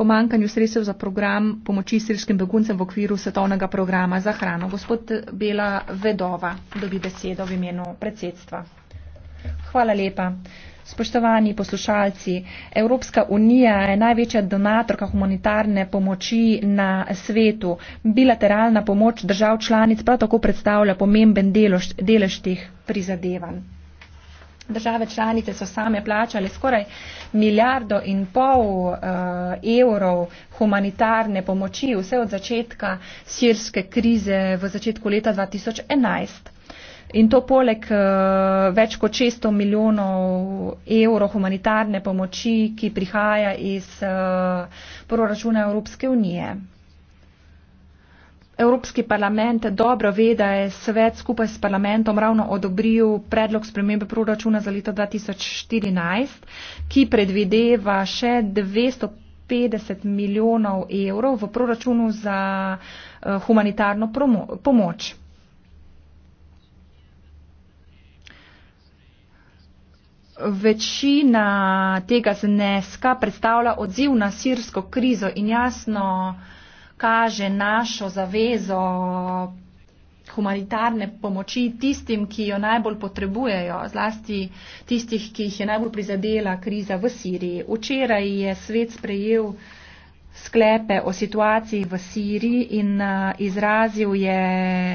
pomankanju sredstev za program pomoči sirskim beguncem v okviru svetovnega programa za hrano. Gospod Bela Vedova dobi besedo v imenu predsedstva. Hvala lepa. Spoštovani poslušalci, Evropska unija je največja donatorka humanitarne pomoči na svetu. Bilateralna pomoč držav članic prav tako predstavlja pomemben delež teh prizadevanj. Države članice so same plačale skoraj milijardo in pol uh, evrov humanitarne pomoči vse od začetka sirske krize v začetku leta 2011. In to poleg uh, več kot 600 milijonov evrov humanitarne pomoči, ki prihaja iz uh, proračuna Evropske unije. Evropski parlament dobro ve, da je svet skupaj s parlamentom ravno odobril predlog spremembe proračuna za leto 2014, ki predvideva še 250 milijonov evrov v proračunu za eh, humanitarno pomoč. Večina tega zneska predstavlja odziv na sirsko krizo in jasno, kaže našo zavezo humanitarne pomoči tistim, ki jo najbolj potrebujejo, zlasti tistih, ki jih je najbolj prizadela kriza v Siriji. Včeraj je svet sprejel sklepe o situaciji v Siriji in izrazil je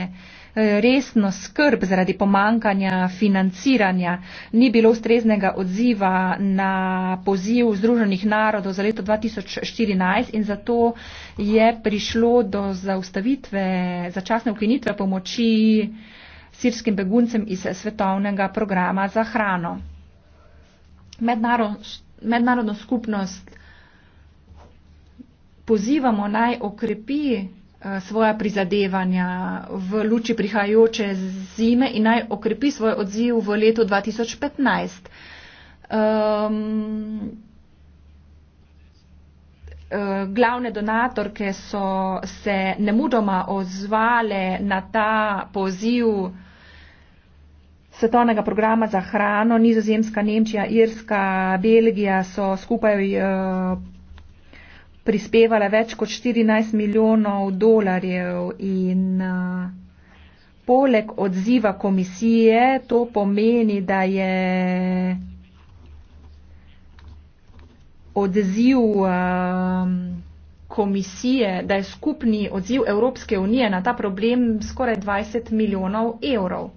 uh, resno skrb zaradi pomankanja financiranja. Ni bilo ustreznega odziva na poziv Združenih narodov za leto 2014 in zato je prišlo do zaustavitve, začasne ukinitve pomoči sirskim beguncem iz svetovnega programa za hrano. Mednarod, mednarodno skupnost pozivamo naj okrepi Eh, svoja prizadevanja v luči prihajajoče zime in naj okrepi svoj odziv v letu 2015. Um, ehm, eh, Glavne donatorke so se nemudoma ozvale na ta poziv svetovnega programa za hrano. Nizozemska, Nemčija, Irska, Belgija so skupaj eh, prispevala več kot 14 milijonov dolarjev in poleg odziva komisije to pomeni, da je odziv komisije, da je skupni odziv Evropske unije na ta problem skoraj 20 milijonov evrov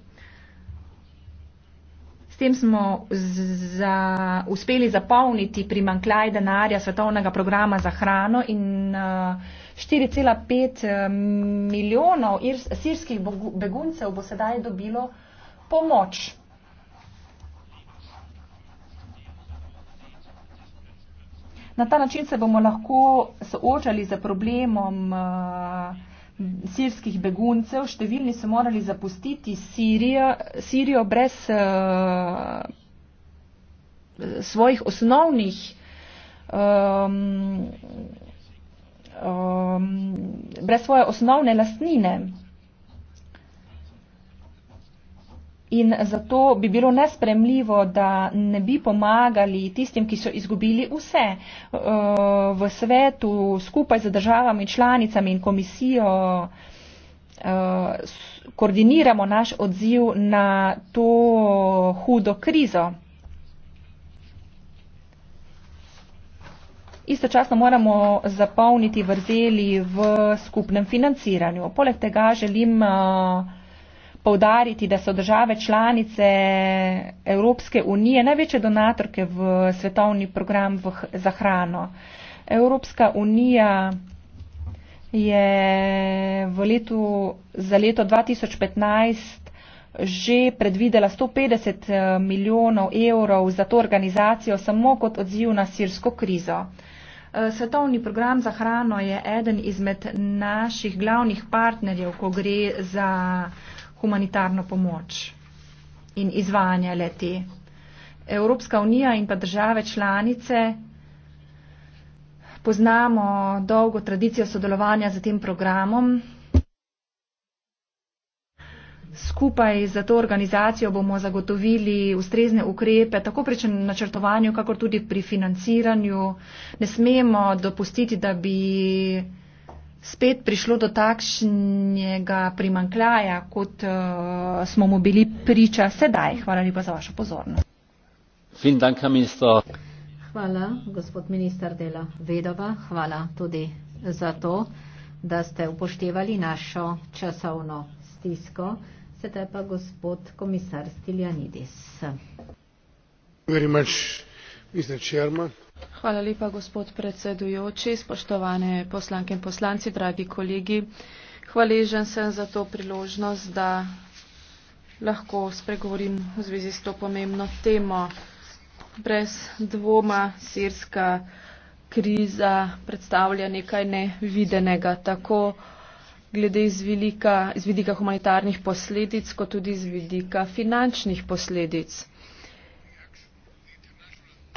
tem smo za, uspeli zapolniti primankljaj denarja svetovnega programa za hrano in uh, eh, 4,5 eh, milijonov sirskih beguncev bo sedaj dobilo pomoč. Na ta način se bomo lahko soočali z problemom uh, sirskih beguncev, številni so morali zapustiti Sirijo, Sirijo brez uh, svojih osnovnih um, um, brez svoje osnovne lastnine. In zato bi bilo nespremljivo, da ne bi pomagali tistim, ki so izgubili vse eh, v svetu, skupaj z državami, članicami in komisijo, eh, koordiniramo naš odziv na to hudo krizo. Istočasno moramo zapolniti vrzeli v skupnem financiranju. Poleg tega želim. Uh, poudariti, da so države članice Evropske unije največje donatorke v svetovni program v, za hrano. Evropska unija je letu, za leto 2015 že predvidela 150 eh, milijonov evrov za to organizacijo samo kot odziv na sirsko krizo. Eh, svetovni program za hrano je eden izmed naših glavnih partnerjev, ko gre za humanitarno pomoč in izvajanje leti. Evropska unija in pa države članice poznamo dolgo tradicijo sodelovanja za tem programom. Skupaj z to organizacijo bomo zagotovili ustrezne ukrepe, tako pri načrtovanju, kakor tudi pri financiranju. Ne smemo dopustiti, da bi spet prišlo do takšnega primankljaja, kot uh, smo mu bili priča sedaj. Hvala lepa za vašo pozornost. Dank, hvala, gospod minister Dela Vedova. Hvala tudi za to, da ste upoštevali našo časovno stisko. Sedaj pa gospod komisar Stiljanidis. Very much, Mr. Chairman. Hvala lepa, gospod predsedujoči, spoštovane poslanke in poslanci, dragi kolegi. Hvaležen sem za to priložnost, da lahko spregovorim v zvezi s to pomembno temo. Brez dvoma sirska kriza predstavlja nekaj nevidenega, tako glede iz, velika, iz vidika humanitarnih posledic, kot tudi iz vidika finančnih posledic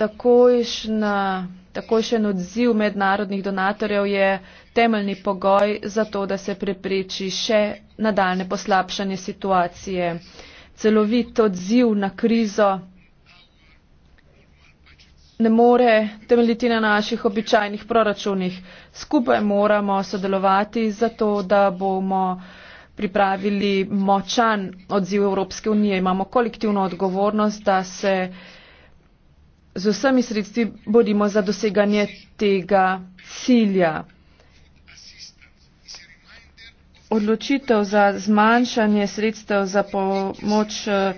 takojšna, takojšen odziv mednarodnih donatorjev je temeljni pogoj za to, da se prepreči še nadaljne poslabšanje situacije. Celovit odziv na krizo ne more temeljiti na naših običajnih proračunih. Skupaj moramo sodelovati zato, da bomo pripravili močan odziv Evropske unije. Imamo kolektivno odgovornost, da se z vsemi sredstvi borimo za doseganje tega cilja. Odločitev za zmanjšanje sredstev za pomoč eh,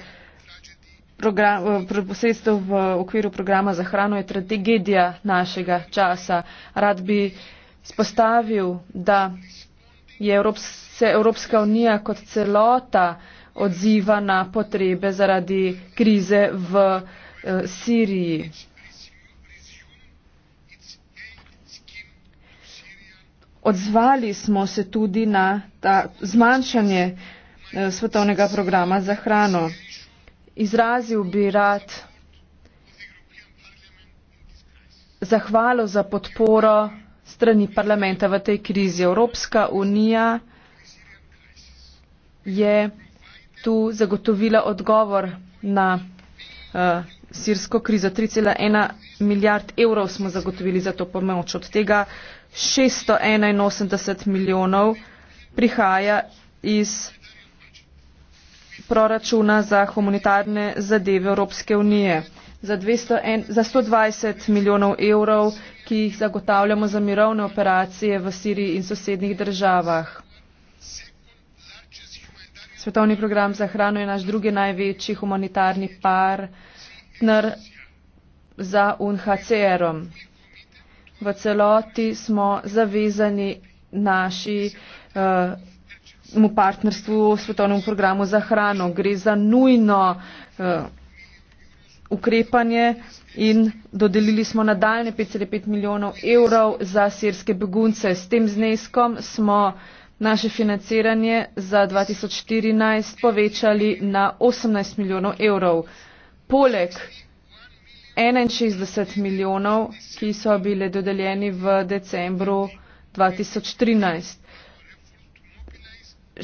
eh, sredstev v okviru programa za hrano je strategija našega časa. Rad bi spostavil, da je Evrops se Evropska unija kot celota odziva na potrebe zaradi krize v Evropi. Eh, Siriji. Odzvali smo se tudi na ta zmanjšanje eh, svetovnega programa za hrano. Izrazil bi rad zahvalo za podporo strani parlamenta v tej krizi. Evropska unija je tu zagotovila odgovor na uh, sirsko krizo. 3,1 milijard evrov smo zagotovili za to pomoč. Od tega 681 milijonov prihaja iz proračuna za humanitarne zadeve Evropske unije. Za, 200, en, za 120 milijonov evrov, ki jih zagotavljamo za mirovne operacije v Siriji in sosednjih državah. Svetovni program za hrano je naš drugi največji humanitarni par partner za UNHCR-om. V celoti smo zavezani naši eh, mu partnerstvu v svetovnem programu za hrano. Gre za nujno uh, ukrepanje in dodelili smo nadaljne 5,5 milijonov evrov za sirske begunce. S tem zneskom smo naše financiranje za 2014 povečali na 18 milijonov evrov. Uh, poleg 61 milijonov, ki so bile dodeljeni v decembru 2013.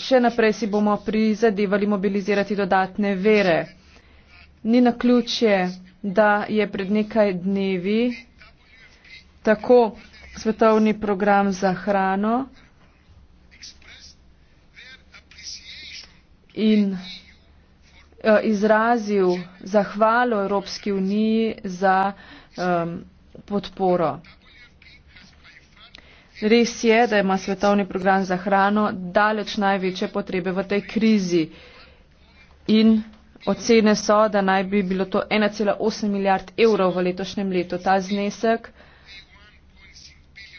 Še naprej si bomo prizadevali mobilizirati dodatne vere. Ni na ključje, da je pred nekaj dnevi tako svetovni program za hrano in Eh, izrazil zahvalo Evropski uniji za um, podporo. Res je, da ima svetovni program za hrano daleč največje potrebe v tej krizi in ocene so, da naj bi bilo to 1,8 milijard evrov v letošnjem letu. Ta znesek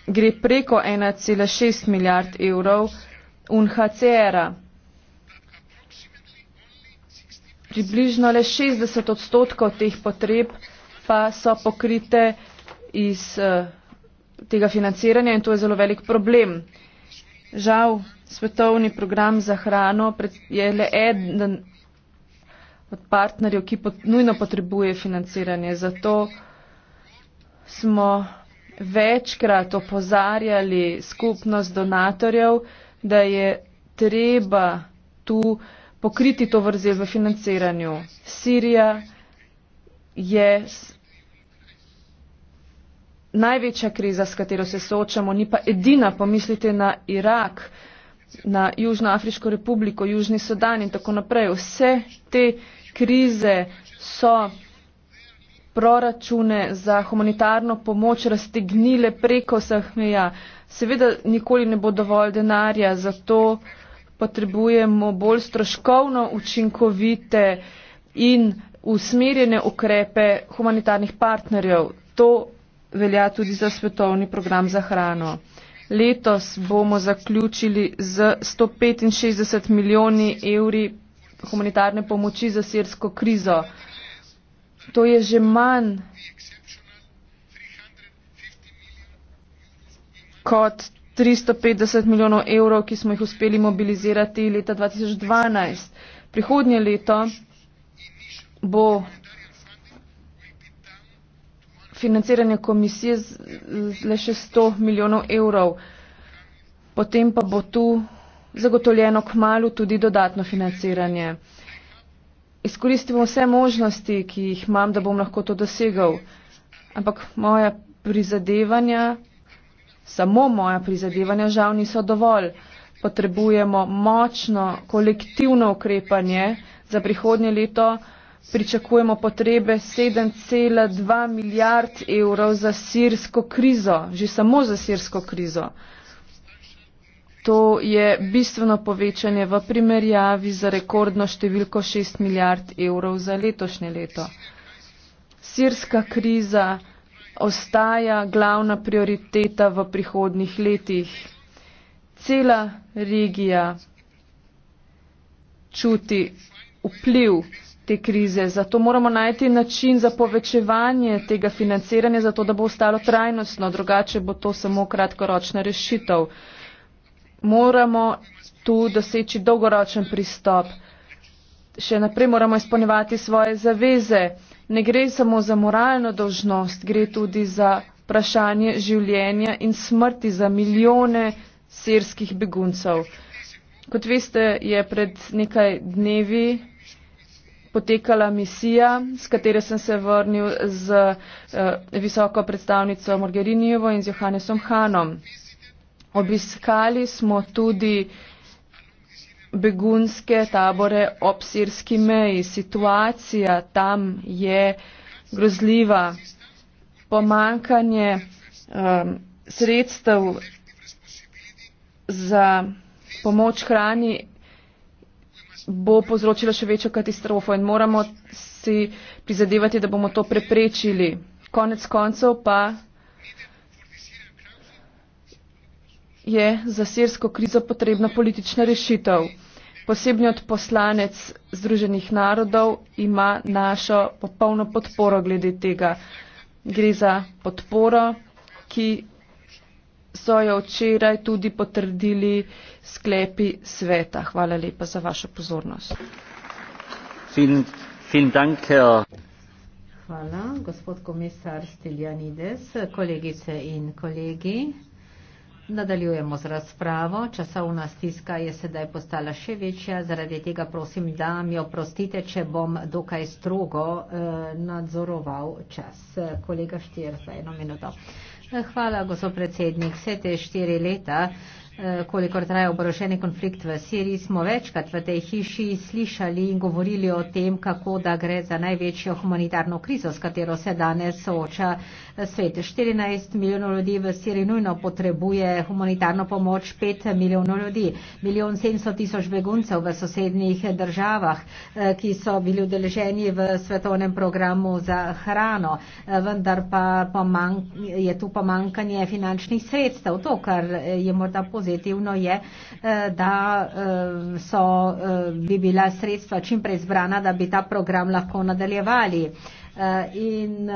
gre preko 1,6 milijard evrov UNHCR-a približno le 60 odstotkov teh potreb pa so pokrite iz uh, tega financiranja in to je zelo velik problem. Žal, svetovni program za hrano je le eden od partnerjev, ki pot, nujno potrebuje financiranje. Zato smo večkrat opozarjali skupnost donatorjev, da je treba tu uh, pokriti to vrzel v financiranju. Sirija je največja kriza, s katero se soočamo, ni pa edina. Pomislite na Irak, na Južno Afriško republiko, Južni Sudan in tako naprej. Vse te krize so proračune za humanitarno pomoč raztegnile preko vseh meja. Seveda nikoli ne bo dovolj denarja za to, potrebujemo bolj stroškovno učinkovite in usmerjene ukrepe humanitarnih partnerjev. To velja tudi za svetovni program za hrano. Letos bomo zaključili z 165 milijoni evri humanitarne pomoči za sirsko krizo. To je že manj kot 350 milijonov evrov, ki smo jih uspeli mobilizirati leta 2012. Prihodnje leto bo financiranje komisije le še 100 milijonov evrov. Potem pa bo tu zagotovljeno k malu tudi dodatno financiranje. Izkoristimo vse možnosti, ki jih imam, da bom lahko to dosegal. Ampak moja prizadevanja Samo moja prizadevanja žal niso dovolj. Potrebujemo močno kolektivno ukrepanje za prihodnje leto. Pričakujemo potrebe 7,2 milijard evrov za sirsko krizo, že samo za sirsko krizo. To je bistveno povečanje v primerjavi za rekordno številko 6 milijard evrov za letošnje leto. Sirska kriza ostaja glavna prioriteta v prihodnih letih. Cela regija čuti vpliv te krize, zato moramo najti način za povečevanje tega financiranja, zato da bo ostalo trajnostno, drugače bo to samo kratkoročna rešitev. Moramo tu doseči dolgoročen pristop. Še naprej moramo izpolnjevati svoje zaveze ne gre samo za moralno dožnost, gre tudi za vprašanje življenja in smrti za milijone sirskih beguncev. Kot veste, je pred nekaj dnevi potekala misija, s katero sem se vrnil z eh, visoko predstavnico Morgerinijevo in z Johannesom Hanom. Obiskali smo tudi eh, begunske tabore ob sirski meji. Situacija tam je grozljiva. Pomankanje um, sredstev za pomoč hrani bo povzročila še večjo katastrofo in moramo si prizadevati, da bomo to preprečili. Konec koncev pa je za sirsko krizo potrebna politična rešitev. Posebni odposlanec Združenih narodov ima našo popolno podporo glede tega. Gre za podporo, ki so jo včeraj tudi potrdili sklepi sveta. Hvala lepa za vašo pozornost. Hvala, gospod komisar Stiljanides, kolegice in kolegi. Nadaljujemo z razpravo. Časovna stiska je sedaj postala še večja. Zaradi tega prosim, da mi oprostite, če bom dokaj strogo eh, nadzoroval čas. Kolega Štir, za eno minuto. Hvala, gospod predsednik. Vse te štiri leta eh, Eh, kolikor traja oboroženi konflikt v Siriji, smo večkrat v tej hiši slišali in govorili o tem, kako da gre za največjo humanitarno krizo, s katero se danes sooča eh, svet. 14 milijonov ljudi v Siriji nujno potrebuje humanitarno pomoč, 5 milijonov ljudi, milijon 700 tisoč beguncev v sosednjih državah, eh, ki so bili udeleženi v svetovnem programu za hrano, vendar pa pomank, je tu pomankanje finančnih sredstev. To, kar je morda pozitivno, pozitivno je, eh, da eh, so, eh, bi bila sredstva čimprej zbrana, da bi ta program lahko nadaljevali. In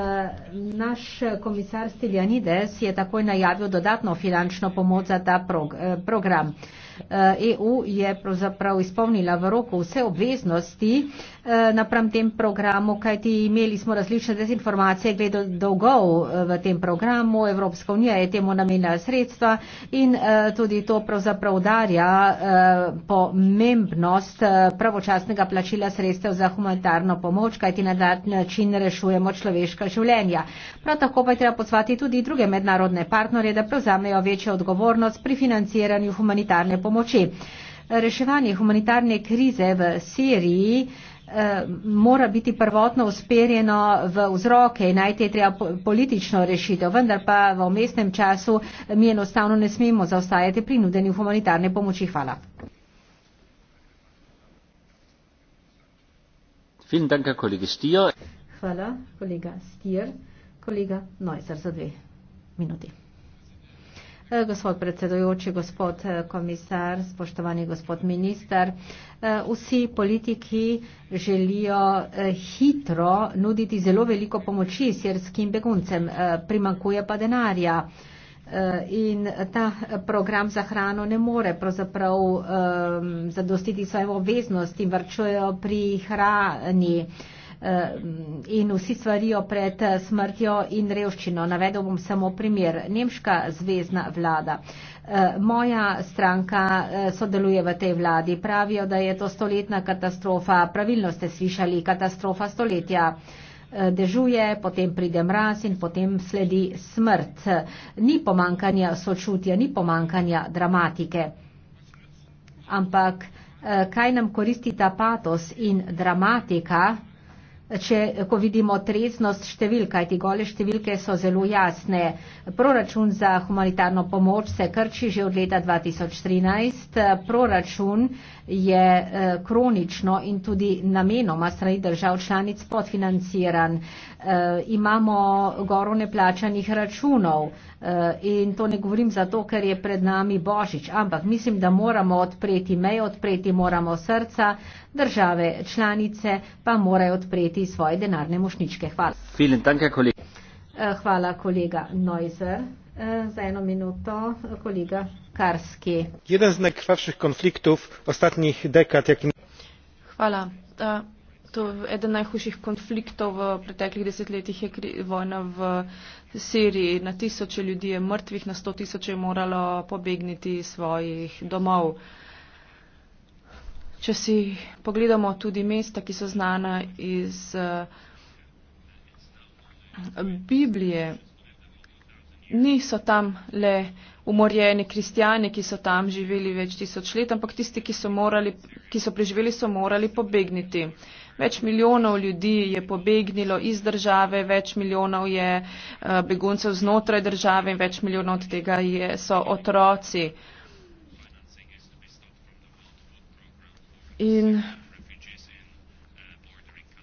naš komisar Stiljanides je takoj najavil dodatno finančno pomoč za ta prog program. EU e je pravzaprav izpolnila v roku vse obveznosti, uh, Eh, napram tem programu, kajti imeli smo različne dezinformacije glede dolgov eh, v tem programu. Evropska unija je temu namenila sredstva in eh, tudi to pravzaprav udarja pomembnost pravočasnega plačila sredstev za humanitarno pomoč, kajti na dat način rešujemo človeška življenja. Prav tako pa je treba posvati tudi druge mednarodne partnerje, da prevzamejo večjo odgovornost pri financiranju humanitarne pomoči. Reševanje humanitarne krize v Siriji Eh, mora biti prvotno usperjeno v vzroke in najti treba politično rešitev, vendar pa v omestnem času mi enostavno ne smemo zaostajati pri nudenju humanitarne pomoči. Hvala. Danke, kolega Hvala, kolega Stier. Kolega Neusser za dve minuti. Eh, gospod predsedujoči, gospod eh, komisar, spoštovani gospod minister. Eh, vsi politiki želijo hitro nuditi zelo veliko pomoči sirskim beguncem, primankuje pa denarja in ta program za hrano ne more pravzaprav um, zadostiti svojim obveznostim, vrčujejo pri hrani. Uh, Eh, in vsi svarijo pred eh, smrtjo in revščino. Navedel bom samo primer. Nemška zvezdna vlada. Eh, moja stranka sodeluje v tej vladi. Pravijo, da je to stoletna katastrofa. Pravilno ste slišali, katastrofa stoletja. Dežuje, potem pride mraz in potem sledi smrt. Ni pomankanja sočutja, ni pomankanja dramatike. Ampak kaj nam koristi ta patos in dramatika, Če, ko vidimo treznost števil, kajti gole številke so zelo jasne. Proračun za humanitarno pomoč se krči že od leta 2013. Proračun je eh, kronično in tudi namenoma strani držav članic podfinanciran. Eh, imamo goro neplačanih računov eh, in to ne govorim zato, ker je pred nami Božič, ampak mislim, da moramo odpreti mejo, odpreti moramo srca, države članice pa morajo odpreti svoje denarne mošničke. Hvala. Hvala kolega Neuser. Za eno minuto, kolega karski. Jeden z najkrwawszych konfliktów ostatnich dekad, jakim. Hvala. To eden najhujših konfliktov v preteklih desetletjih je vojna v Siriji. Na tisoče ljudi je mrtvih, na sto tisoče je moralo pobegniti iz svojih domov. Če si pogledamo tudi mesta, ki so znana iz eh, Biblije, niso tam le umorjeni kristijani, ki so tam živeli več tisoč let, ampak tisti, ki so, morali, ki so preživeli, so morali pobegniti. Več milijonov ljudi je pobegnilo iz države, več milijonov je eh, beguncev znotraj države in več milijonov od tega je, so otroci. In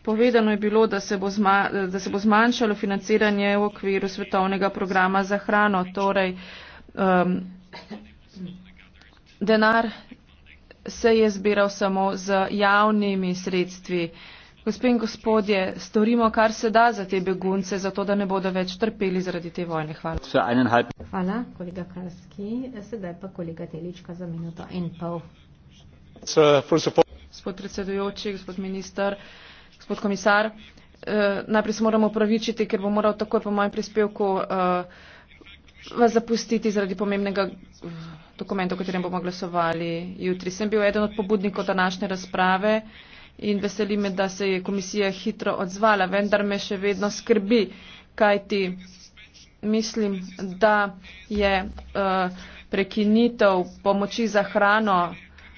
Povedano je bilo, da se bo, zma, da se bo zmanjšalo financiranje v okviru svetovnega programa za hrano. Torej, um, denar se je zbiral samo z javnimi sredstvi. Gospe in gospodje, storimo, kar se da za te begunce, zato da ne bodo več trpeli zaradi te vojne. Hvala. Hvala, kolega Karski. Sedaj pa kolega Telička za minuto in pol. Uh, gospod predsedujoči, gospod minister gospod komisar. Eh, najprej se moram upravičiti, ker bo moral takoj po mojem prispevku eh, vas zapustiti zaradi pomembnega eh, dokumenta, o katerem bomo glasovali jutri. Sem bil eden od pobudnikov današnje razprave in veseli me, da se je komisija hitro odzvala, vendar me še vedno skrbi, kaj ti mislim, da je prekinitev pomoči za hrano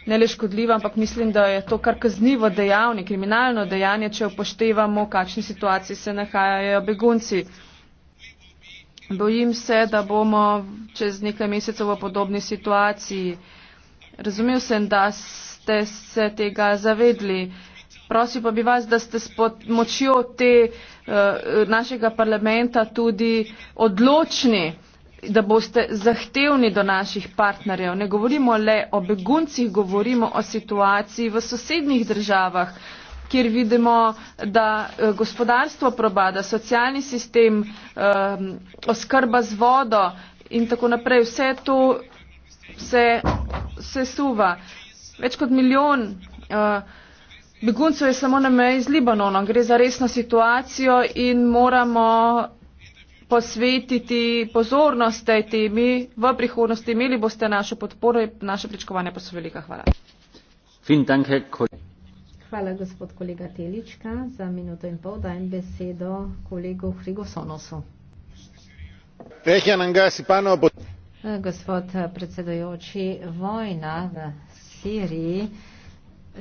ne le škodljiva, ampak mislim, da je to kar kaznivo dejavni, kriminalno dejanje, če upoštevamo, v kakšni situaciji se nahajajo begunci. Bojim se, da bomo čez nekaj mesecev v podobni situaciji. Razumel sem, da ste se tega zavedli. Prosim pa bi vas, da ste s močjo te, uh, našega parlamenta tudi odločni da boste zahtevni do naših partnerjev. Ne govorimo le o beguncih, govorimo o situaciji v sosednjih državah, kjer vidimo, da eh, gospodarstvo probada, socialni sistem, eh, oskrba z vodo in tako naprej. Vse to se, se suva. Več kot milijon eh, beguncev je samo na meji z Libanonom. Gre za resno situacijo in moramo posvetiti pozornost tej temi v prihodnosti. Imeli boste našo podporo in naše pričakovanja pa so velika. Hvala. Hvala, gospod kolega Telička. Za minuto in pol dajem besedo kolegu Frigosonosu. Gospod predsedujoči, vojna v Siriji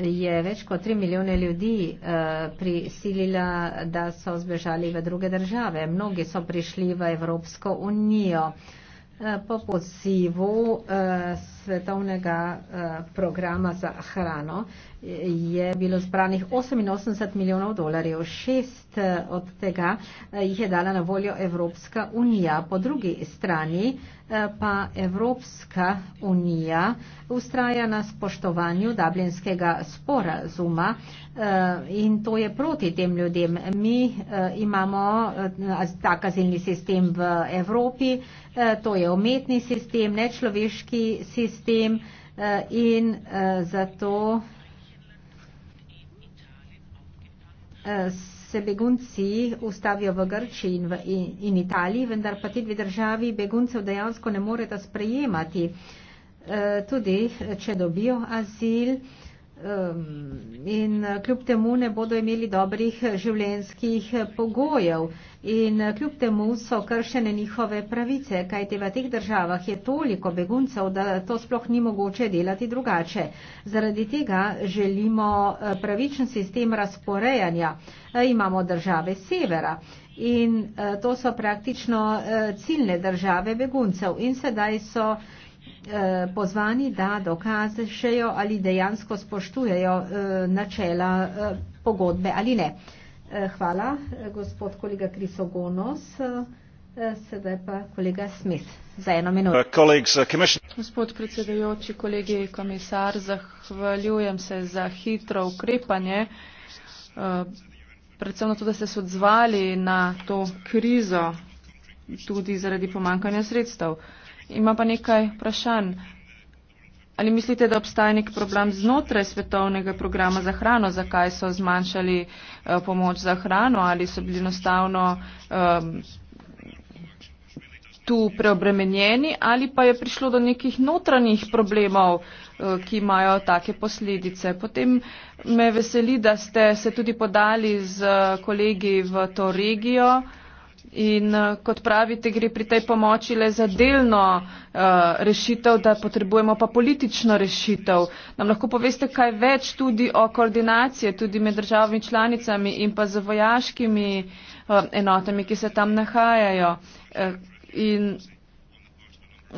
je več kot tri milijone ljudi eh, prisilila, da so zbežali v druge države. Mnogi so prišli v Evropsko unijo. Eh, po pozivu eh, svetovnega programa za hrano je bilo zbranih 88 milijonov dolarjev. Šest od tega jih je dala na voljo Evropska unija. Po drugi strani pa Evropska unija ustraja na spoštovanju Dublinskega sporazuma eh, in to je proti tem ljudem. Mi eh, imamo eh, tak azilni sistem v Evropi, to je umetni sistem, nečloveški sistem in zato se begunci ustavijo v Grčiji in v in Italiji, vendar pa te dve državi beguncev dejansko ne moreta sprejemati. Eh, tudi, če dobijo azil in kljub temu ne bodo imeli dobrih življenjskih pogojev. In eh, kljub temu so kršene njihove pravice, kajte v teh državah je toliko beguncev, da to sploh ni mogoče delati drugače. Zaradi tega želimo eh, pravičen sistem razporejanja. Eh, imamo države severa in to so praktično ciljne države beguncev in sedaj so pozvani, da dokazešejo ali dejansko spoštujejo načela pogodbe ali ne. Eh, hvala, eh, gospod kolega Krisogonos. Eh, sedaj pa kolega Smith za eno minuto. Uh, uh, gospod predsedujoči, kolegi komisar, zahvaljujem se za hitro ukrepanje, predvsem na to, da ste se odzvali na to krizo tudi zaradi pomankanja sredstev. Ima pa nekaj vprašanj. Ali mislite, da obstaja nek problem znotraj svetovnega programa za hrano, zakaj so zmanjšali uh, pomoč za hrano ali so bili enostavno um, tu preobremenjeni ali pa je prišlo do nekih notranjih problemov, eh, ki imajo take posledice. Potem me veseli, da ste se tudi podali z kolegi v to regijo. In eh, kot pravite, gre pri tej pomoči le za delno uh, rešitev, da potrebujemo pa politično rešitev. Nam lahko poveste kaj več tudi o koordinaciji, tudi med državami članicami in pa z vojaškimi uh, enotami, ki se tam nahajajo. Uh, in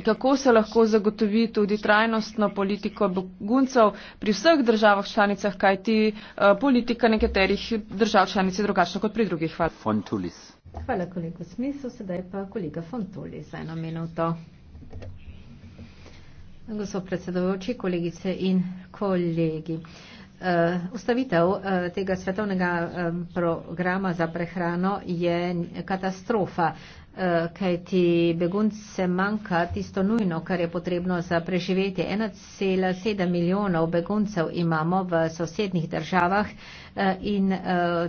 kako se lahko zagotovi tudi trajnostno politiko beguncev pri vseh državah članicah, kajti uh, politika nekaterih držav članic je drugačna kot pri drugih. Hvala. Fontulis. Hvala, kolega Smisel. Sedaj pa kolega Fontoli za eno minuto. Gospod predsedovoči, kolegice in kolegi. Uh, Eh, ustavitev eh, tega svetovnega programa za prehrano je katastrofa, eh, kaj ti begunce manjka tisto nujno, kar je potrebno za preživetje. 1,7 milijonov beguncev imamo v sosednjih državah in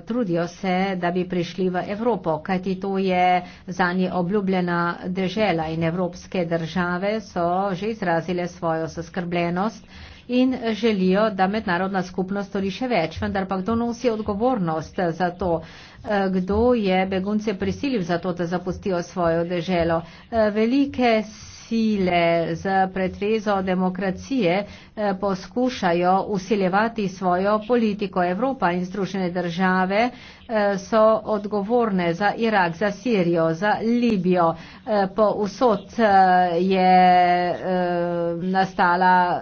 trudijo se, da bi prišli v Evropo, kaj ti to je za nje obljubljena dežela in evropske države so že izrazile svojo zaskrbljenost in želijo, da mednarodna skupnost stori še več. Vendar pa kdo nosi odgovornost za to? Eh, kdo je begunce prisilil za to, da zapustijo svojo deželo? Eh, velike sile z pretvezo demokracije eh, poskušajo usiljevati svojo politiko. Evropa in Združene države eh, so odgovorne za Irak, za Sirijo, za Libijo. Eh, po vsot je nastala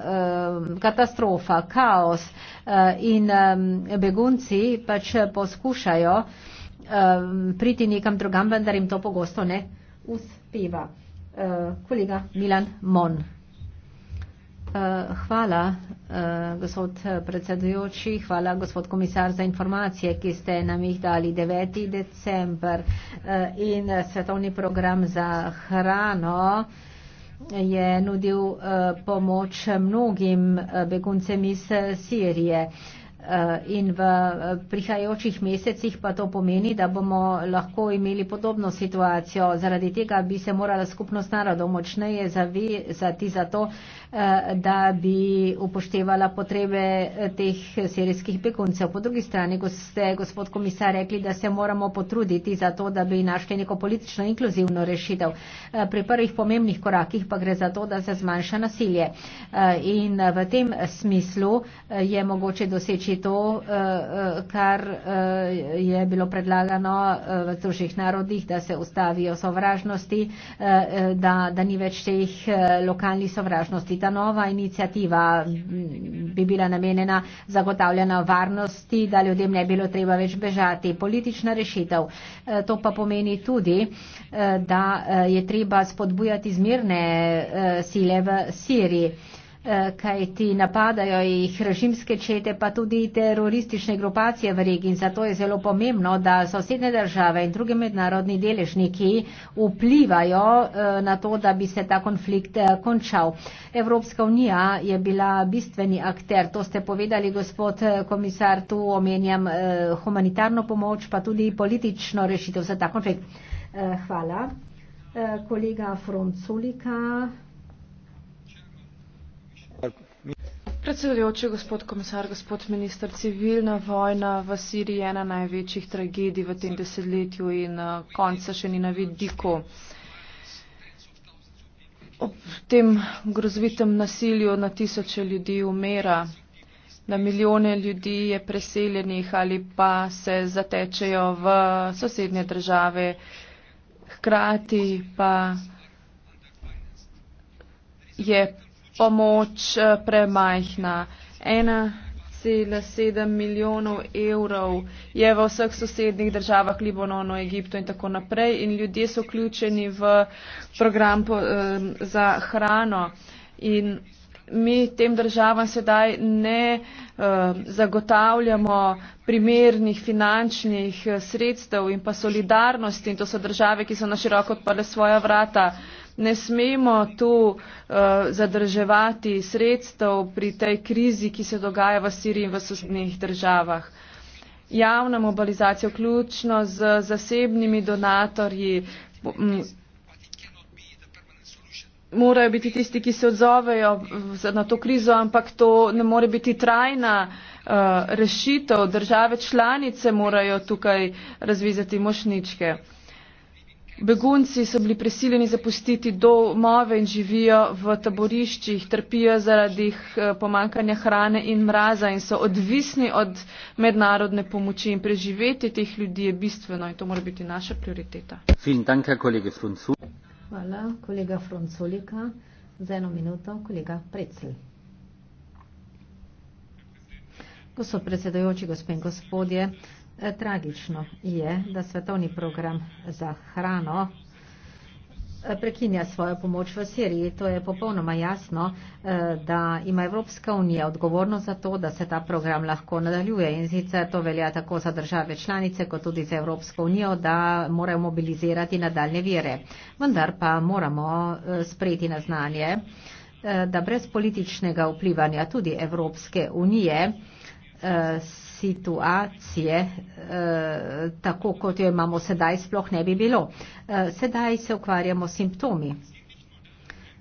katastrofa, kaos in begunci pač poskušajo priti nekam drugam, vendar jim to pogosto ne uspeva. Eh, kolega Milan Mon. Eh, hvala, eh, gospod predsedujoči, hvala, gospod komisar, za informacije, ki ste nam jih dali 9. december in svetovni program za hrano je nudil pomoč mnogim beguncem iz Sirije. Eh, in v eh, prihajajočih mesecih pa to pomeni, da bomo lahko imeli podobno situacijo. Zaradi tega bi se morala skupnost narodov močneje zavezati za to, Eh, da bi upoštevala potrebe eh, teh serijskih beguncev. Po drugi strani, ko ste, gospod komisar, rekli, da se moramo potruditi za to, da bi našli neko politično inkluzivno rešitev. Eh, pri prvih pomembnih korakih pa gre za to, da se zmanjša nasilje. In v tem smislu je mogoče doseči to, kar je bilo predlagano v Združenih narodih, da se ustavijo sovražnosti, da, da ni več teh lokalnih sovražnosti da nova inicijativa bi bila namenjena zagotavljanju varnosti, da ljudem ne bi bilo treba več bežati. Politična rešitev. E, to pa pomeni tudi, e, da e, je treba spodbujati zmirne sile v Siriji kaj ti napadajo jih režimske čete, pa tudi teroristične grupacije v regiji. In zato je zelo pomembno, da sosedne države in druge mednarodni deležniki vplivajo eh, na to, da bi se ta konflikt eh, končal. Evropska unija je bila bistveni akter. To ste povedali, gospod eh, komisar, tu omenjam humanitarno pomoč, pa tudi politično rešitev za ta konflikt. Hvala. Kolega Fronculika. Predsedujoči, gospod komisar, gospod minister, civilna vojna v Siriji je ena največjih tragedij v tem desetletju in eh, konca še ni na vidiku. Ob tem grozvitem nasilju na tisoče ljudi umera, na milijone ljudi je preseljenih ali pa se zatečejo v sosednje države, hkrati pa je pomoč eh, premajhna. 1,7 milijonov evrov je v vseh sosednjih državah, Libanonu, Egiptu in tako naprej in ljudje so vključeni v program po, eh, za hrano. In mi tem državam sedaj ne eh, zagotavljamo primernih finančnih eh, sredstev in pa solidarnosti in to so države, ki so na široko odprle svoja vrata. Eh, ne smemo tu uh, zadrževati sredstev pri tej krizi, ki se dogaja v Siriji in v sosednjih državah. Javna mobilizacija, vključno z zasebnimi donatorji, morajo biti tisti, ki se odzovejo na to krizo, ampak to ne more biti trajna uh, rešitev. Države članice morajo tukaj razvizati mošničke. Begunci so bili prisiljeni zapustiti domove in živijo v taboriščih, trpijo zaradi eh, pomankanja hrane in mraza in so odvisni od mednarodne pomoči in preživeti teh ljudi je bistveno in to mora biti naša prioriteta. Danke, kolega Hvala, kolega Fronculika. Za eno minuto, kolega Precel. Gospod predsedojoči, gospod in gospodje, Tragično je, da svetovni program za hrano eh, prekinja svojo pomoč v Siriji. To je popolnoma jasno, eh, da ima Evropska unija odgovorno za to, da se ta program lahko nadaljuje. In sicer to velja tako za države članice, kot tudi za Evropsko unijo, da morajo mobilizirati nadaljne vire. Vendar pa moramo eh, sprejeti na znanje, da brez političnega vplivanja tudi Evropske unije situacije, eh, tako kot jo imamo sedaj, sploh ne bi bilo. Eh, sedaj se ukvarjamo s simptomi.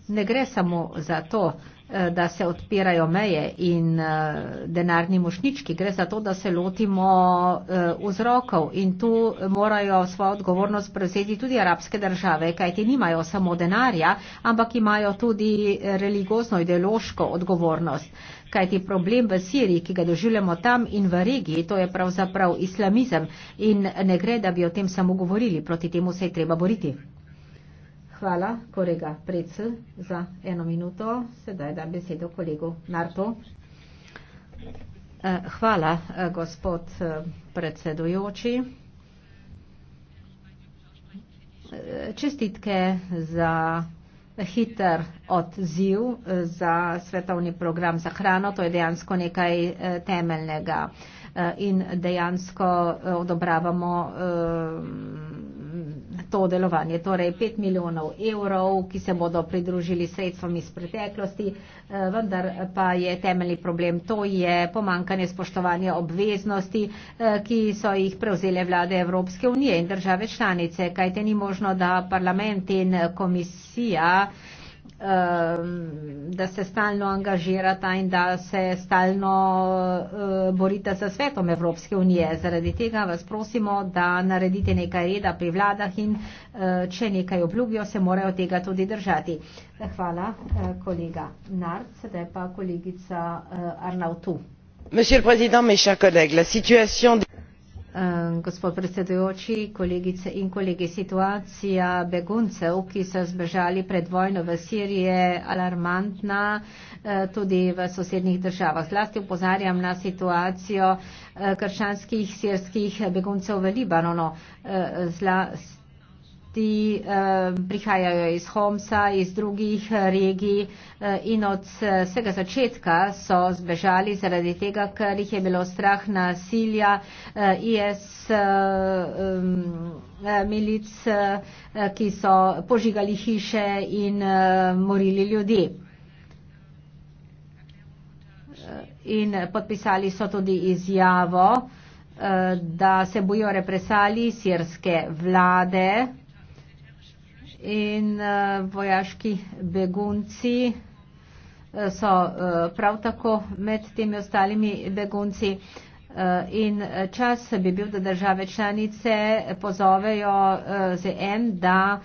Ne gre samo za to, da. Eh, da se odpirajo meje in eh, denarni mošnički. Gre za to, da se lotimo eh, vzrokov in tu morajo svojo odgovornost prevzeti tudi arabske države, kajti nimajo samo denarja, ampak imajo tudi religiozno, ideološko odgovornost. Kajti problem v Siriji, ki ga doživljamo tam in v regiji, to je pravzaprav islamizem in ne gre, da bi o tem samo govorili, proti temu se je treba boriti. Hvala, kolega Prec, za eno minuto. Sedaj dam besedo kolegu Narto. Eh, hvala, eh, gospod eh, predsedujoči. Čestitke za hiter odziv za svetovni program za hrano. To je dejansko nekaj temeljnega in dejansko odobravamo to delovanje. Torej, 5 milijonov evrov, ki se bodo pridružili sredstvom iz preteklosti, eh, vendar pa je temeljni problem, to je pomankanje spoštovanja obveznosti, eh, ki so jih prevzele vlade Evropske unije in države članice, kajte ni možno, da parlament in eh, komisija Ehm, da se stalno angažirata in da se stalno eh, borita za svetom Evropske unije. Zaradi tega vas prosimo, da naredite nekaj reda pri vladah in eh, če nekaj obljubijo, se morajo tega tudi držati. Eh, hvala, kolega Nard, sedaj pa kolegica Arnautu. Monsieur le Président, mes chers collègues, la situation... De... Gospod predsedujoči, kolegice in kolegi, situacija beguncev, ki so zbežali pred vojno v Siriji, je alarmantna eh, tudi v sosednjih državah. Zlasti upozarjam na situacijo eh, krščanskih sirskih beguncev v Libanonu. Eh, Zlasti ti eh, prihajajo iz Homsa, iz drugih eh, regij eh, in od vsega začetka so zbežali zaradi tega, ker jih je bilo strah nasilja IS milic, ki so požigali hiše in morili ljudi. In podpisali so tudi izjavo, da se bojo represali sirske vlade, in eh, vojaški begunci eh, so eh, prav tako med temi ostalimi begunci. In čas bi bil, da države članice pozovejo ZN, da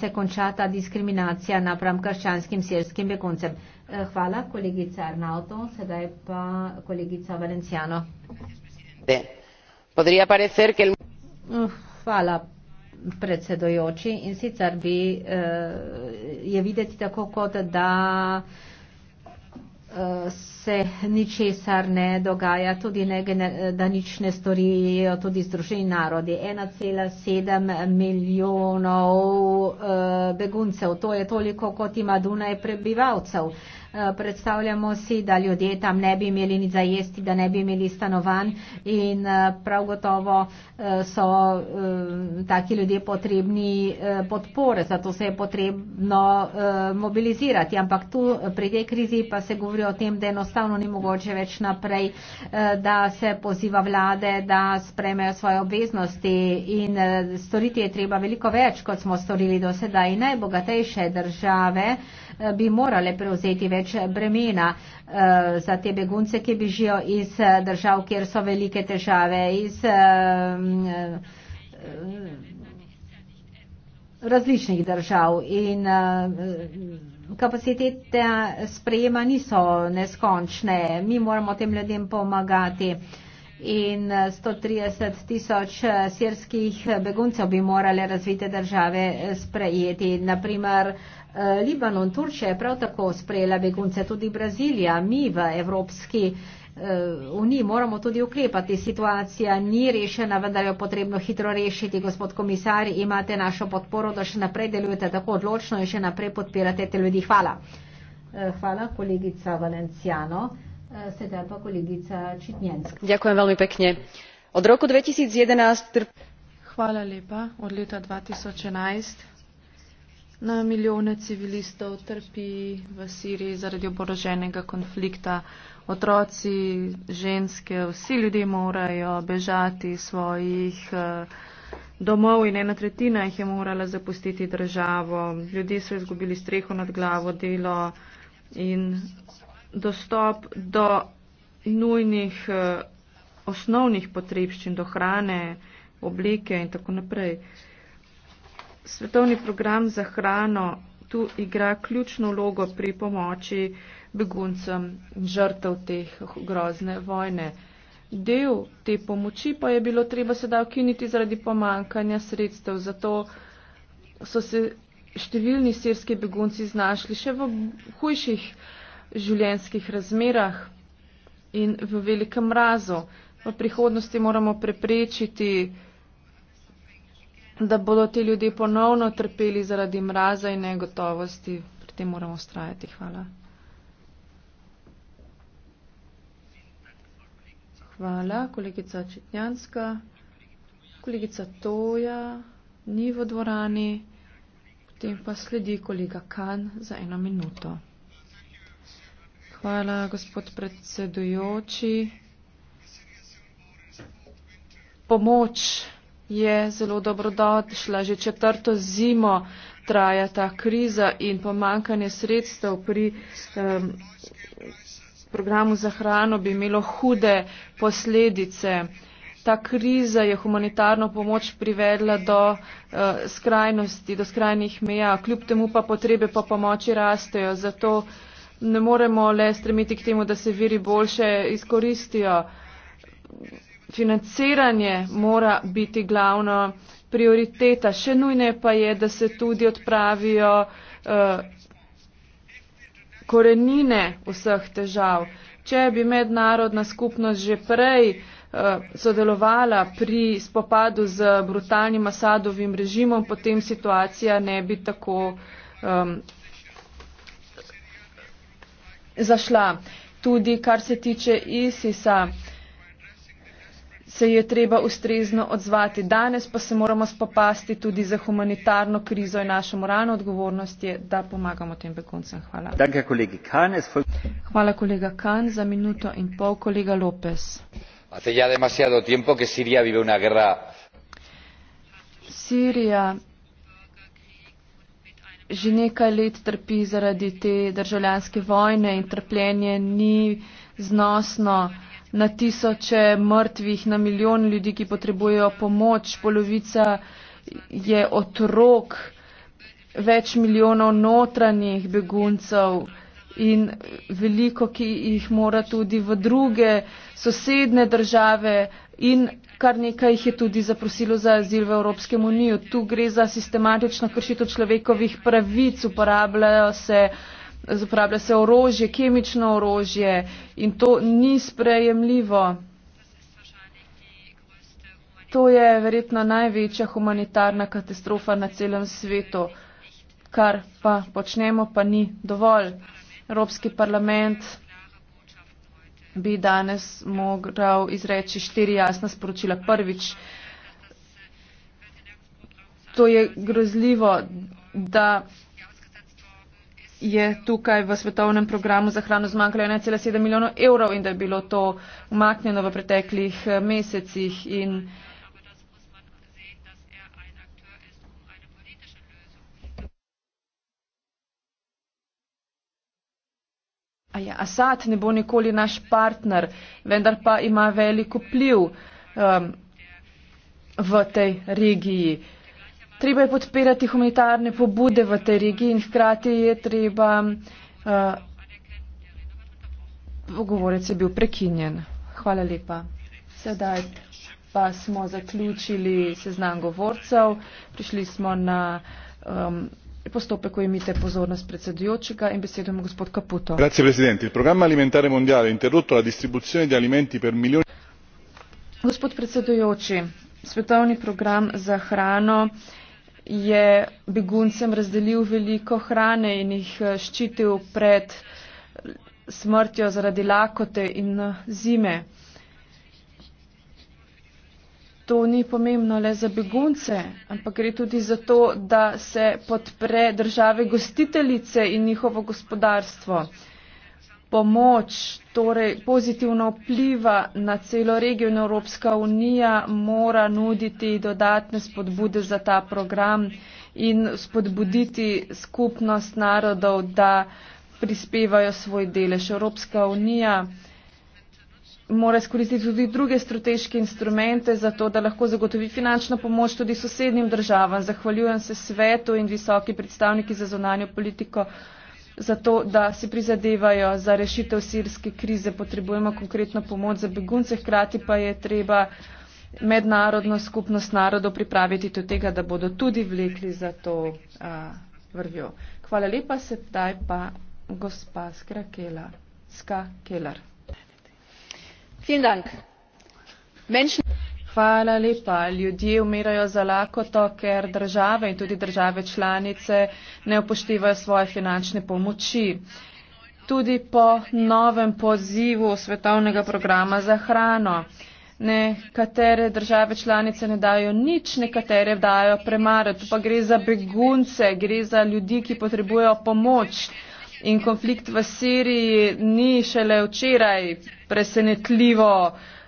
se konča ta diskriminacija napram krščanskim sirskim beguncem. Hvala, kolegica Arnauto, sedaj pa kolegica Valenciano. Hvala, predsedojoči in sicer bi uh, je videti tako kot, da eh, se ničesar ne dogaja, tudi ne, da nič ne storijo tudi združeni narodi. 1,7 milijonov uh, beguncev, to je toliko, kot ima Dunaj prebivalcev. Uh, Eh, predstavljamo si, da ljudje tam ne bi imeli nič za jesti, da ne bi imeli stanovanj in eh, prav gotovo eh, so taki ljudje potrebni podpore, zato se je potrebno mobilizirati. Ampak tu pri tej krizi pa se govori o tem, da enostavno ni mogoče več naprej, da se poziva vlade, da spremejo svoje obveznosti in storiti je treba veliko več, kot smo storili do sedaj najbogatejše države bi morale prevzeti več bremena eh, za te begunce, ki bežijo iz eh, držav, kjer so velike težave, iz eh, različnih držav in kapacitete sprejema niso neskončne. Mi moramo tem ljudem pomagati in 130 tisoč sirskih beguncev bi morale razvite države sprejeti. Naprimer, Eh, Libanon, Turčija je prav tako sprejela begunce, tudi Brazilija, mi v Evropski eh, uniji moramo tudi ukrepati. Situacija ni rešena, vendar jo potrebno hitro rešiti. Gospod komisar, imate našo podporo, da še naprej delujete tako odločno in še naprej podpirate te ljudi. Hvala. Eh, hvala, kolegica Valenciano. Sedaj pa kolegica Čitnjensk. Ďakujem veľmi pekne. Od roku 2011... Hvala lepa. Od leta 2011 Na milijone civilistov trpi v Siriji zaradi oboroženega konflikta. Otroci, ženske, vsi ljudje morajo bežati svojih eh, domov in ena tretjina jih je morala zapustiti državo. Ljudje so izgubili streho nad glavo, delo in dostop do nujnih eh, osnovnih potrebščin, do hrane, obleke in tako naprej svetovni program za hrano tu igra ključno vlogo pri pomoči beguncem žrtev teh grozne vojne. Del te pomoči pa je bilo treba sedaj ukiniti zaradi pomankanja sredstev, zato so se številni sirski begunci znašli še v hujših življenjskih razmerah in v velikem mrazu. V prihodnosti moramo preprečiti, da bodo ti ljudje ponovno trpeli zaradi mraza in negotovosti. Pri tem moramo ustrajati. Hvala. Hvala, kolegica Četnjanska. Kolegica Toja ni v dvorani. Potem pa sledi kolega Kan za eno minuto. Hvala, gospod predsedujoči. Pomoč je zelo dobrodošla. Že četrto zimo traja ta kriza in pomankanje sredstev pri um, programu za hrano bi imelo hude posledice. Ta kriza je humanitarno pomoč privedla do uh, skrajnosti, do skrajnih meja, kljub temu pa potrebe po pomoči rastejo. Zato ne moremo le stremiti k temu, da se viri boljše izkoristijo financiranje mora biti glavna prioriteta. Še nujne pa je, da se tudi odpravijo uh, korenine vseh težav. Če bi mednarodna skupnost že prej eh, sodelovala pri spopadu z brutalnim Asadovim režimom, potem situacija ne bi tako um, zašla. Tudi kar se tiče ISIS-a, se je treba ustrezno odzvati. Danes pa se moramo spopasti tudi za humanitarno krizo in naša moralna odgovornost je, da pomagamo tem beguncem. Hvala. Hvala kolega Kan za minuto in pol. Kolega Lopez. Sirija že nekaj let trpi zaradi te državljanske vojne in trpljenje ni znosno na tisoče mrtvih, na milijon ljudi, ki potrebujejo pomoč, polovica je otrok, več milijonov notranjih beguncev in veliko, ki jih mora tudi v druge sosedne države in kar nekaj jih je tudi zaprosilo za azil v Evropskem uniju. Tu gre za sistematično kršitev človekovih pravic, uporabljajo se zaporablja se orožje, kemično orožje in to ni sprejemljivo. To je verjetno največja humanitarna katastrofa na celem svetu, kar pa počnemo, pa ni dovolj. Evropski parlament bi danes mogel izreči štiri jasna sporočila. Prvič, to je grozljivo, da je tukaj v svetovnem programu za hrano zmanjkalo 1,7 milijonov evrov in da je bilo to umaknjeno v preteklih eh, mesecih. In Ja, Asad ne bo nikoli naš partner, vendar pa ima veliko pliv um, ehm, v tej regiji. Uh, treba je podpirati humanitarne pobude v tej regiji in hkrati je treba. Uh, pogovorec je bil prekinjen. Hvala lepa. Sedaj pa smo zaključili seznam govorcev. Prišli smo na um, postopek, ko imite pozornost predsedujočega in besedo ima gospod Kaputo. Gospod predsedujoči, svetovni program za hrano uh, je beguncem razdelil veliko hrane in jih eh, ščitil pred smrtjo zaradi lakote in eh, zime. To ni pomembno le za begunce, ampak gre tudi za to, da se podpre države gostiteljice in njihovo gospodarstvo pomoč, torej pozitivno vpliva na celo regijo in Evropska unija mora nuditi dodatne spodbude za ta program in spodbuditi skupnost narodov, da prispevajo svoj delež. Evropska unija mora izkoristiti tudi druge strateške instrumente za to, da lahko zagotovi finančno pomoč tudi sosednjim državam. Zahvaljujem se svetu in visoki predstavniki za zonanjo politiko za to, da si prizadevajo za rešitev sirske krize, potrebujemo konkretno pomoč za begunce, hkrati pa je treba mednarodno skupnost narodov pripraviti do tega, da bodo tudi vlekli za to a, vrvjo. Hvala lepa, sedaj pa gospa Skrakela, Ska Kelar. Vielen Dank. Menschen Hvala lepa. Ljudje umirajo za lakoto, ker države in tudi države članice ne upoštevajo svoje finančne pomoči. Tudi po novem pozivu svetovnega programa za hrano. Nekatere države članice ne dajo nič, nekatere dajo premare. Tu pa gre za begunce, gre za ljudi, ki potrebujejo pomoč. In konflikt v Siriji ni šele včeraj presenetljivo.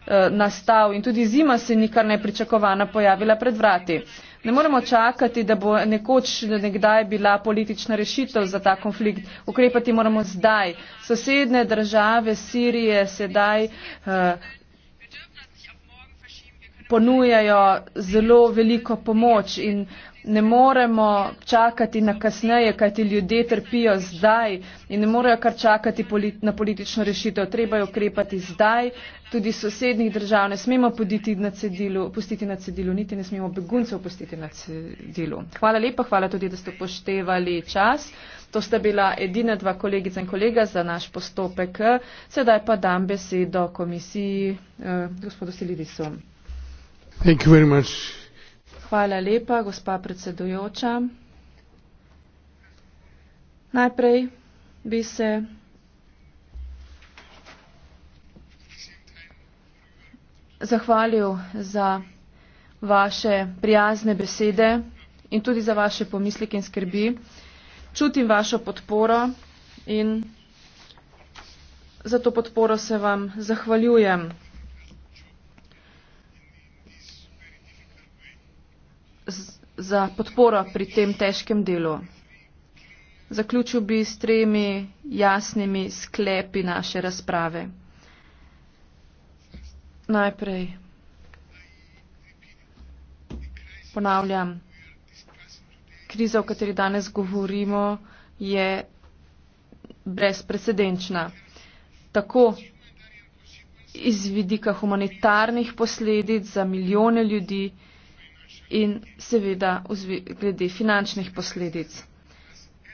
Eh, nastal in tudi zima se ni kar nepričakovana pojavila pred vrati. Ne moremo čakati, da bo nekoč, nekdaj bila politična rešitev za ta konflikt. Ukrepati moramo zdaj. Sosedne države Sirije sedaj uh, ponujajo zelo veliko pomoč in ne moremo čakati na kasneje, kajti ljudje trpijo zdaj in ne morejo kar čakati na politično rešitev. Treba je ukrepati zdaj, tudi sosednjih držav ne smemo na cedilu, pustiti na cedilu, niti ne smemo beguncev pustiti na cedilu. Hvala lepa, hvala tudi, da ste upoštevali čas. To sta bila edina dva kolegica in kolega za naš postopek. Sedaj pa dam besedo komisiji eh, gospodu Silidisu. Thank you very much. Hvala lepa, gospa predsedujoča. Najprej bi se. Zahvalil za vaše prijazne besede in tudi za vaše pomislike in skrbi. Čutim vašo podporo in za to podporo se vam zahvaljujem. za podporo pri tem težkem delu. Zaključil bi s tremi jasnimi sklepi naše razprave. Najprej ponavljam, kriza, o kateri danes govorimo, je brezprecedenčna. Tako iz vidika humanitarnih posledic za milijone ljudi, in seveda glede finančnih posledic.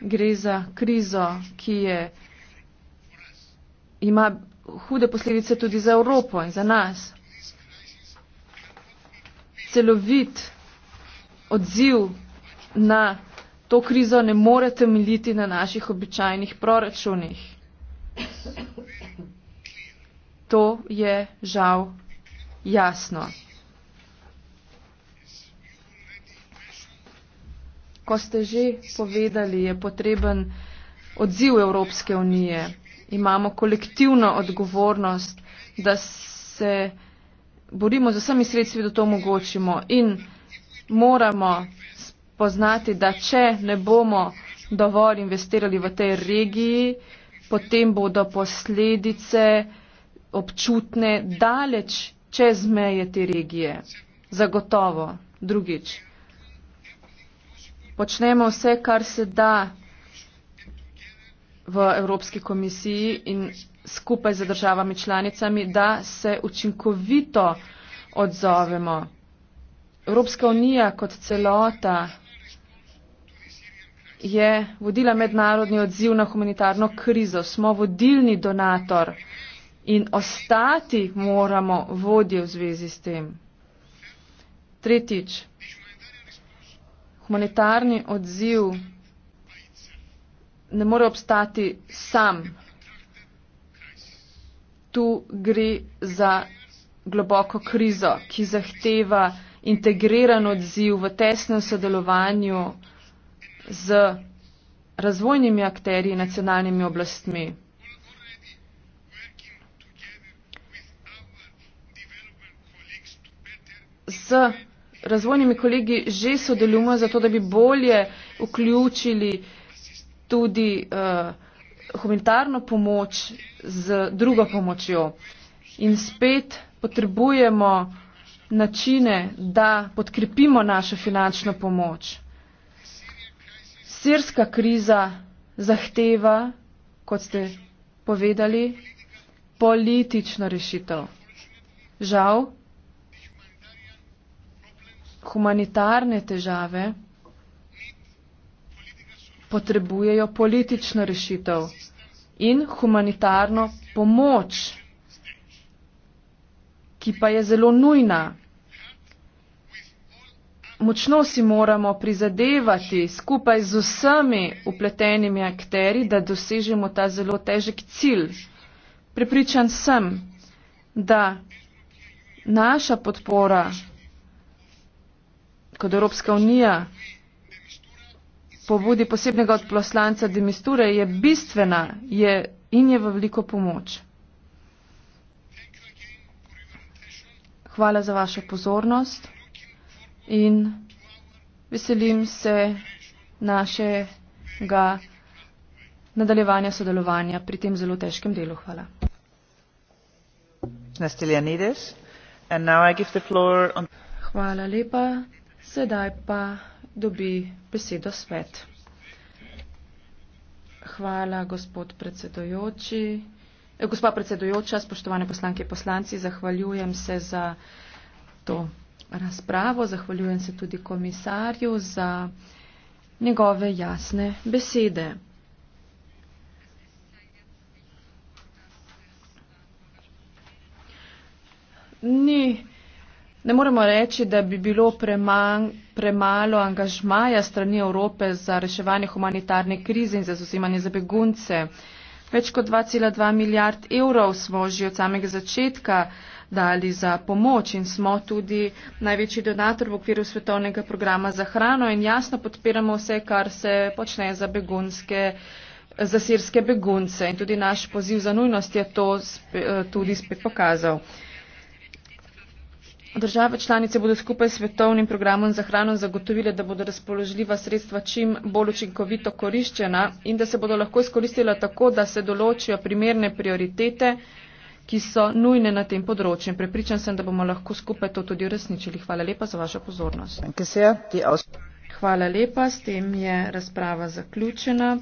Gre za krizo, ki je, ima hude posledice tudi za Evropo in za nas. Celovit odziv na to krizo ne more temeljiti na naših običajnih proračunih. To je žal jasno. ko ste že povedali, je potreben odziv Evropske unije. Imamo kolektivno odgovornost, da se borimo z vsemi sredstvi, da to omogočimo in moramo spoznati, da če ne bomo dovolj investirali v tej regiji, potem bodo posledice občutne daleč čez meje te regije. Zagotovo. Drugič počnemo vse, kar se da v Evropski komisiji in skupaj z državami članicami, da se učinkovito odzovemo. Evropska unija kot celota je vodila mednarodni odziv na humanitarno krizo. Smo vodilni donator in ostati moramo vodje v zvezi s tem. Tretjič, humanitarni odziv ne more obstati sam. Tu gre za globoko krizo, ki zahteva integriran odziv v tesnem sodelovanju z razvojnimi akteri in nacionalnimi oblastmi. Z razvojnimi kolegi že sodelujemo, zato da bi bolje vključili tudi uh, humanitarno pomoč z drugo pomočjo. In spet potrebujemo načine, da podkrepimo našo finančno pomoč. Sirska kriza zahteva, kot ste povedali, politično rešitev. Žal, humanitarne težave potrebujejo politično rešitev in humanitarno pomoč, ki pa je zelo nujna. Močno si moramo prizadevati skupaj z vsemi upletenimi akteri, da dosežemo ta zelo težek cilj. Prepričan sem, da naša podpora kot Evropska unija povodi posebnega odposlanca Demisture, je bistvena je in je v veliko pomoč. Hvala za vašo pozornost in veselim se našega nadaljevanja sodelovanja pri tem zelo težkem delu. Hvala. Hvala lepa. Sedaj pa dobi besedo svet. Hvala, gospod predsedojoči. Eh, gospa predsedojoča, spoštovane poslanke in poslanci, zahvaljujem se za to razpravo, zahvaljujem se tudi komisarju za njegove jasne besede. Ni Ne moremo reči, da bi bilo preman, premalo angažmaja strani Evrope za reševanje humanitarne krize in za zosimanje za begunce. Več kot 2,2 milijard evrov smo že od samega začetka dali za pomoč in smo tudi največji donator v okviru svetovnega programa za hrano in jasno podpiramo vse, kar se počne za begunske za sirske begunce in tudi naš poziv za nujnost je to spe, eh, tudi spet pokazal. Države članice bodo skupaj s svetovnim programom za hrano zagotovile, da bodo razpoložljiva sredstva čim bolj učinkovito koriščena in da se bodo lahko izkoristila tako, da se določijo primerne prioritete, ki so nujne na tem področju. Prepričan sem, da bomo lahko skupaj to tudi uresničili. Hvala lepa za vašo pozornost. Hvala lepa, s tem je razprava zaključena.